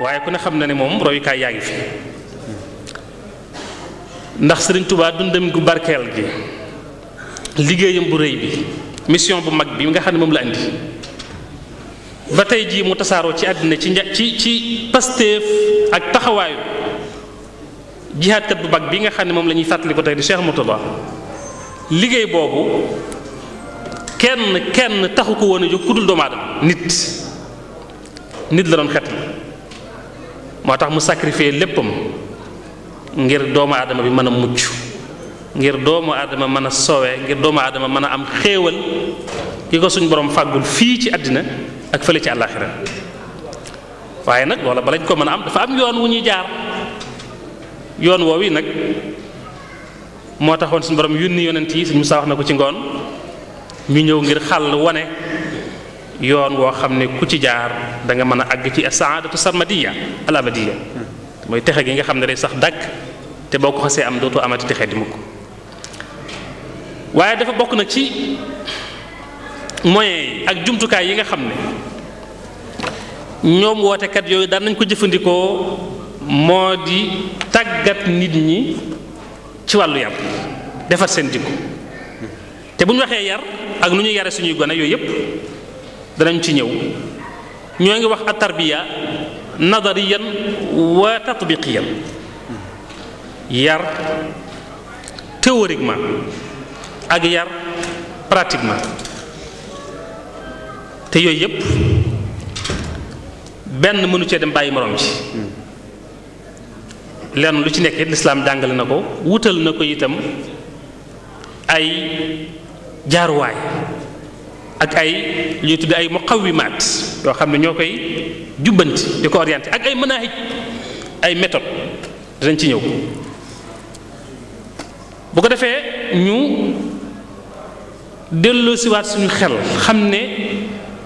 waaye ku ne xam na ne moom royukaay yaa ngi fi ndax sëriñ Touba dundam gu barkeel gi liggéeyam bu rëy bi mission bu mag bi nga xam ne moom la indi ba tey jii mu tasaaroo ci àddina ci nja ci ci pasteef ak taxawaayu jihaadkat bu mag bi nga xam ne moom lañuy fàttali ko tey di Cheikh Moutalla liggéey boobu kenn kenn taxu ko woon a jóg ku dul doomu nit nit la doon xet moo tax mu sacrifier léppam ngir doomu aadama bi mën a mucc ngir doomu adama mën a soowe ngir doomu aadama mën a am xéewal ki ko suñ borom fàggul fii ci àddina ak fële ci àllaaxira waaye nag loola balañ ko mën a am dafa am yoon wu ñuy jaar yoon woowu nag moo taxoon suñu borom yónni yonent yi suñ Musaa wax na ko ci ngoon ñu ñëw ngir xàll wane yoon woo xam ne ku ci jaar danga mën a àgg ci saadatu sarmadiya alabadiya mooy texe gi nga xam ne day sax dàkk te boo ko xasee am dootu amati texe di mukk waaye dafa bokk na ci moyens ak jumtukaay yi nga xam ne ñoom wootekat yooyu daan nañ ko jëfandikoo moo di tàggat nit ñi ci wàllu yar defar seen jikko te bu ñu waxee yar ak nu ñu yare suñuy gone yooyu yëpp danañ ci ñëw ñoo ngi wax a tarbiya nadariyan wa tatbiqiyan yar théoriquement ak yar pratiquement te yooyu yëpp benn mënu cee dem bàyyi morom ci lenn lu ci nekk it lislaam jàngale na ko wutal na ko itam ay jaaruwaay ak ay li ñuy tudd ay muqawimaat yoo xam ne ñoo koy jubbanti di ko orienté ak ay manaahij ay méthode danañ ci ñëw bu ko defee ñu delloosiwaat siwaat suñu xel xam ne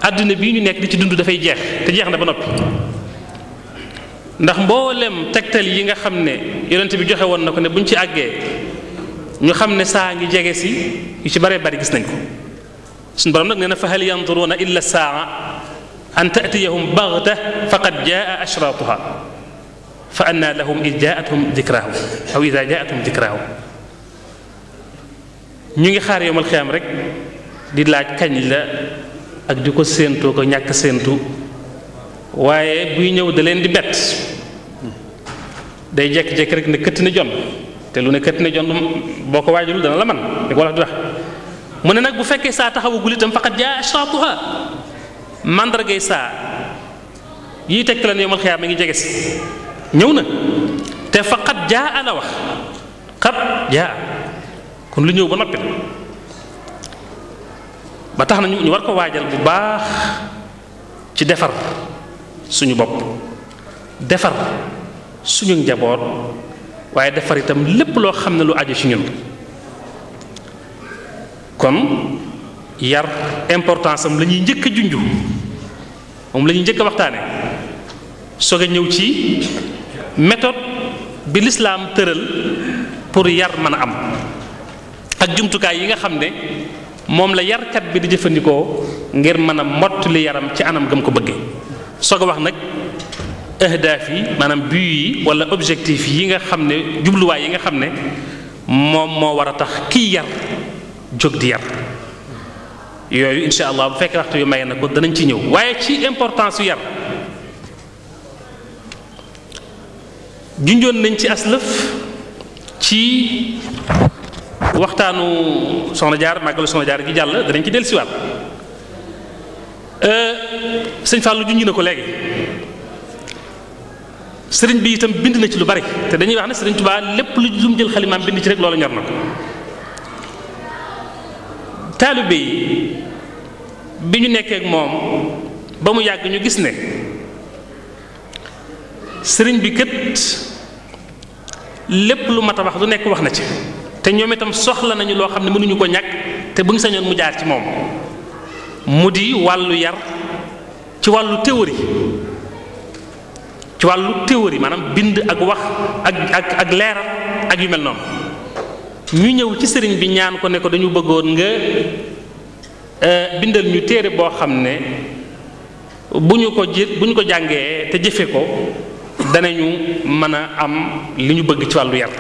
àddina bi ñu nekk di ci dund dafay jeex te jeex na ba noppi ndax mboolem tegtal yi nga xam ne yonent bi joxe woon na ko ne buñ ci àggee ñu xam ne saa ngi jege si yu ci bare bari gis nañ ko suñu borom nag nee na fa hal yanduruuna illa saa an tatiyahum baxta faqad jaa ashraatuha fa anna lahum id jaathum ngi xaar yowmal rek di laaj kañ la ak di ko séentoo ko ñàkk séentu waaye buy ñëw da leen di bett day jekk-jekk rek ne këtt ni jon te lu ne këtt ni jon boo ko waajul dana la man di ko wax di wax mu ne nag bu fekkee saa taxawagul itam faqat jaa ashraatuha mandargay saa yiy tekki la ne yowmal xiyaam mi ngi jege si ñëw na te faqat jaa la wax xat jaa kon lu ñëw ba noppi ba tax nañu ñu war ko waajal bu baax ci defar suñu bopp defar suñu njaboot waaye defar itam lépp loo xam ne lu aju ci ñun kon yar importance am lañuy njëkk a junju moom la njëkk a waxtaane soog a ñëw ci méthode bi lislaam tëral pour yar mën a am ak jumtukaay yi nga xam ne moom la yarkat bi di jëfandikoo ngir mën a mottali yaram ci anam gëm ko bëggee soog a wax nag ahdaaf yi maanaam but yi wala objectif yi nga xam ne jubluwaay yi nga xam ne moom moo war a tax kiy yar jóg di yar yooyu incha allah bu fekkee waxtu yu may na ko danañ ci ñëw waaye ci importance yu yar junjoon nañ ci aslëf ci waxtaanu soxna jaar màggalu soxna jaar gi jàll danañ ci dellusiwaat euh, sëñ Fallou junj na ko léegi sëriñ bi itam bind na ci lu bari te dañuy wax ne sëriñ Tuubaa lépp lu mu jël xalimaam bind ci rek loolu ñor na ko taalibe yi bi ñu nekkee ak moom ba mu yàgg ñu gis ne sëriñ bi kët lépp lu mat a wax lu nekk wax na ci te ñoom itam soxla nañu loo xam ne mënuñu ko ñàkk te bu ñu sañoon mu jaar ci moom mu di wàllu yar ci wàllu théorie ci wàllu théorie maanaam bind ak wax ak ak ak leeral ak yu mel noonu ñu ñëw ci sëriñ bi ñaan ko ne ko dañu bëggoon nga euh, bindal ñu téere boo xam ne bu ñu ko ji bu ñu ko jàngee te jëfe ko danañu mën a am li ñu bëgg ci wàllu yar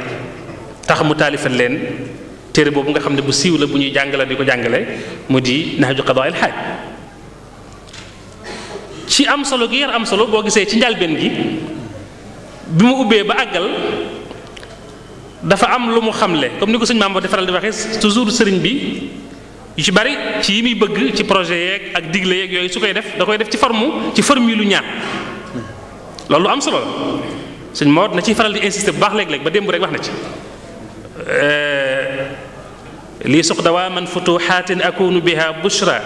taxamu mu taalifal leen téere boobu nga xam ne bu siiw la bu ñuy jàngale di ko jàngale mu di nahju qadaa il ci am solo gi yar am solo boo gisee ci njalbeen gi bi mu ubbee ba àggal dafa am lu mu xamle comme ni ko sëñ Maam di faral di waxee toujours sëriñ bi yu ci bari ci yi muy bëgg ci projet yeeg ak digle yeeg yooyu su koy def da koy def ci forme ci forme lu ñaan loolu am solo la sëñ Maodo na ciy faral di insister bu baax léeg-léeg ba démb rek wax na ci. lii suq dawaaman futuxaatin akunu biha bushra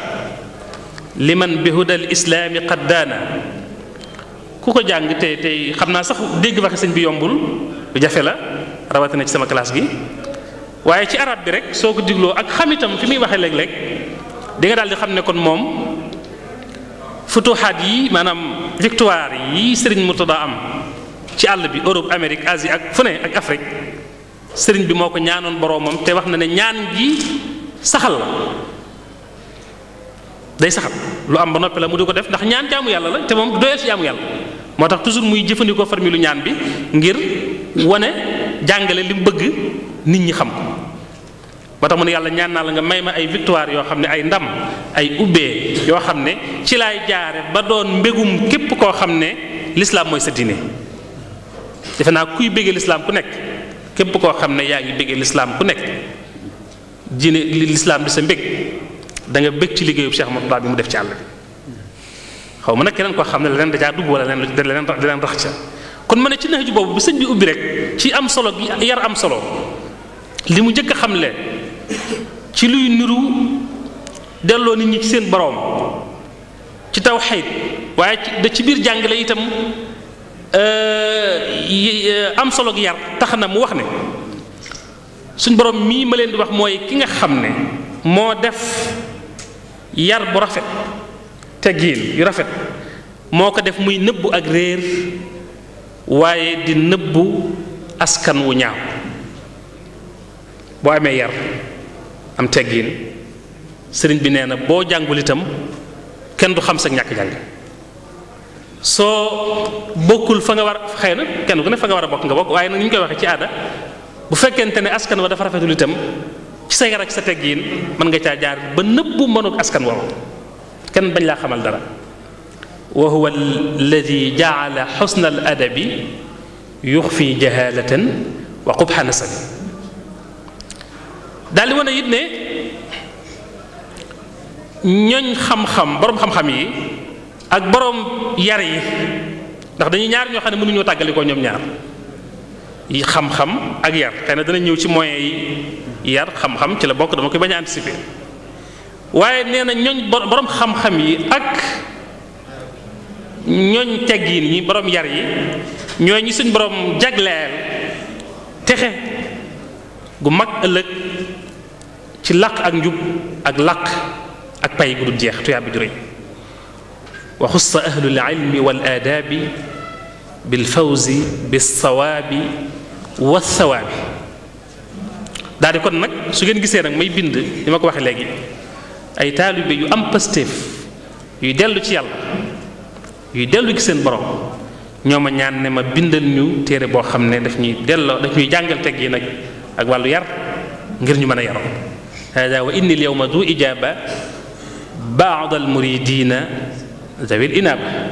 liman bi hudal islaami qad daana ku ko jàng te tey xam naa sax dégg waxe sëñ bi yombul jafe la. rawatina ci sama classe bi waaye ci arab bi rek soo ko digloo ak xam itam fi muy waxee léeg-léeg di nga daal xam ne kon moom futuxaat yi maanaam victoire yi Serigne Murtada am ci àll bi Europe Amérique Asie ak fu ak Afrique Serigne bi moo ko ñaanoon boroomam te wax na ne ñaan gi saxal day saxal lu am ba noppi la mu di ko def ndax ñaan jaamu yàlla la te moom doyal ci jaamu yàlla moo tax toujours muy jëfandikoo formule ñaan bi ngir wane jàngale li bëgg nit ñi xam ko ba tax mu yàlla ñaan naa la nga may ma ay victoire yoo xam ne ay ndam ay ubbee yoo xam ne ci laay jaare ba doon mbegum képp koo xam ne lislaam mooy sa diine defe naa kuy béggee lislaam ku nekk képp koo xam ne yaa ngi béggee lislaam ku nekk diine lislaam di sa mbég da nga bég ci liggéeyu Cheikh Moustapha bi mu def ci àll bi xaw ma nag keneen koo xam ne leneen da caa dugg wala leneen da leneen rax ca kon ma ne ci naxju boobu bi sëñ bi ubbi rek ci am solo gi yar am solo li mu njëkk a xamle ci luy niru delloo nit ñi ci seen boroom ci taw tawxiid waaye da ci biir jàngale itam euh, euh, am solo gi yar tax na mu wax ne suñ boroom mii ma leen di wax mooy ki nga xam ne moo def yar bu rafet te teggin yu rafet moo ko def muy nëbbu ak réer waaye di nëbbu askan wu ñaaw boo amee yar am teggiin sëriñ bi nee na boo jàngul itam kenn du xam sa ñàkk jàng soo bokkul fa nga war xëy na kenn ku ne fa nga war a bokk nga bokk waaye nag ni ñu koy waxee ci aada bu fekkente ne askan wa dafa rafetul itam ci sa yar ak sa teggiin mën nga caa jaar ba nëbbu mënuk askan woowu kenn bañ laa xamal dara wa huwa alladi jaala xusna al adabi yuxfi jahalatan wa qubha nasabi daal di wane it ne ñooñ xam-xam boroom xam-xam yi ak boroom yar yi ndax dañuy ñaar ñoo xam ne mënuñoo tàggali ko ñoom ñaar yi xam-xam ak yar xëy dana ñëw ci moyens yi yar xam-xam ci la bokk dama koy bañ a anticiper waaye nee na ñooñ boroom xam-xam yi ak ñooñ teggiin ñi borom yar yi ñooy ñi suñ borom jagleel texe gu mag ëllëg ci làq ak njub ak làq ak pay gu jeex tuyaa bi juróy wa xussa ahlul ilmi wal aadaabi bil fawzi bis sawaabi wa sawaabi kon nag su ngeen gisee nag may bind li ma ko waxee léegi ay taalibe yu am pastéef yuy dellu ci yàlla yuy dellu ci seen borom ñoo ma ñaan ne ma bindal ñu téere boo xam ne daf ñuy delloo daf ñuy jàngal teg yi nag ak wàllu yar ngir ñu mën a yaroo hada wa inni al yawma du ijaba baad al muridina zawil inaba